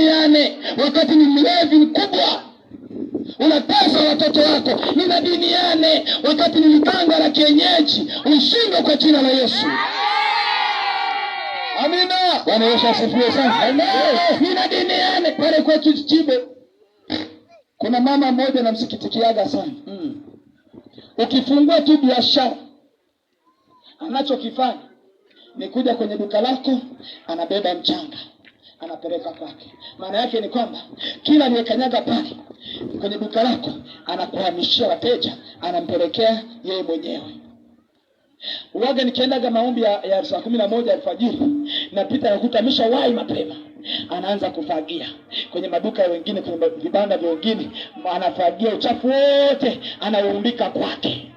Yane, wakati ni mlevi mkubwa unatesa watoto wako, ninadiniane yaani, wakati ni mganga la kienyeji, ushindwe kwa jina la Yesu. Amina. Bwana Yesu asifiwe sana. Ninadiniane yaani, pale kwa Chibe, kuna mama mmoja namsikitikiaga sana mm. Ukifungua tu biashara, anachokifanya ni kuja kwenye duka lako anabeba mchanga anapeleka kwake. Maana yake ni kwamba kila aliyekanyaga pale kwenye duka lako anakuhamishia wateja, anampelekea yeye mwenyewe. Uwaga nikiendaga maombi ya, ya saa kumi na moja alfajiri napita nakutamisha wai mapema anaanza kufagia kwenye maduka ya wengine, kwenye vibanda vya wengine, anafagia uchafu wote, anaumbika kwake.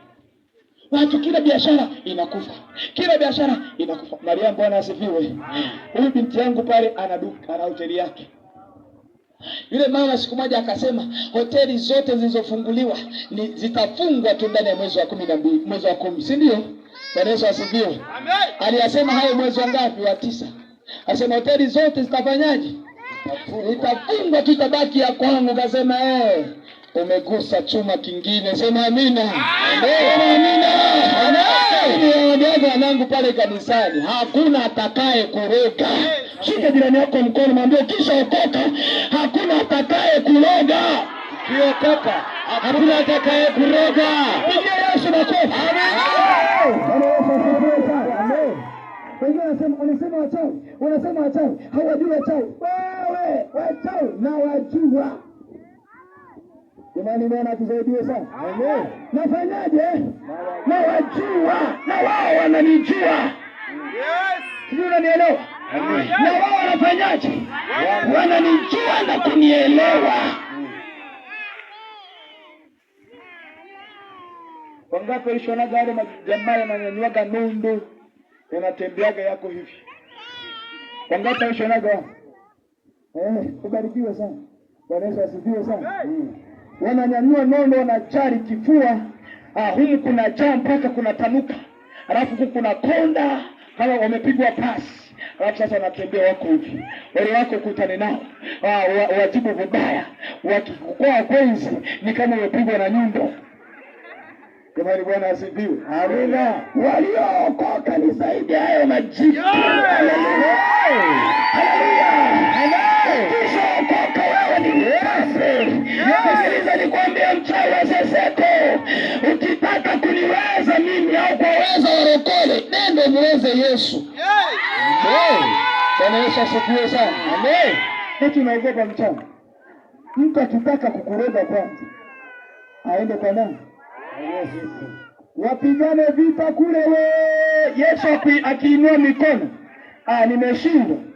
Watu, kila biashara inakufa kila biashara inakufa. Maria, Bwana asifiwe. Huyu binti yangu pale ana duka, ana hoteli yake. Yule mama siku moja akasema hoteli zote zilizofunguliwa ni zitafungwa tu ndani ya mwezi wa kumi na mbili, mwezi wa kumi, si ndio? Bwana Yesu asifiwe. Aliyasema hayo mwezi wa ngapi? Wa tisa. Asema hoteli zote zitafanyaje? Itafungwa tu, itabaki ya kwangu. Kasema eh umegusa chuma kingine. Sema amina. Wadada wanangu pale kanisani, hakuna atakaye kuroga. Shika jirani yako mkono, mwambie kisha okoka, hakuna atakaye kuroga. Ukiokoka hakuna atakaye kuroga. Pigia Yesu makofi. Wengine wanasema wachawi, wanasema wachawi, hawajui wachawi. Wewe wachawi na wajua Jamani, Bwana atusaidie sana. Amen. Nafanyaje? Nawajua na wao wananijua. Yes. Sijui unanielewa? Na wao wanafanyaje? Wananijua na kunielewa. Wangapi walishona yale majamaa yananyanywaga nundu yanatembeaga yako hivi? Wangapi walishonaga? Eh, ubarikiwe sana. Bwana Yesu asifiwe sana wananyanyua nono, chari kifua, ah, humu kuna jaa mpaka kuna tanuka, alafu huku kuna konda kama wamepigwa pasi, alafu sasa wanatembea wako hivi, wale wako kutane nao ah, wajibu vibaya, wakikukoa kwenzi ni kama wamepigwa na nyundo. Jamani, Bwana asifiwe. Amina. Waliookoka ni zaidi hayo majibu. Haleluya. zozote. Ukitaka kuniweza mimi au kwa uwezo wa rokole, nende muweze Yesu. Bwana Yesu asifiwe sana. Amen. Eti naogopa mchana, mtu akitaka kukuroga kwanza aende kwa nani? Wapigane vita kule. We Yesu akiinua mikono, ah, nimeshindwa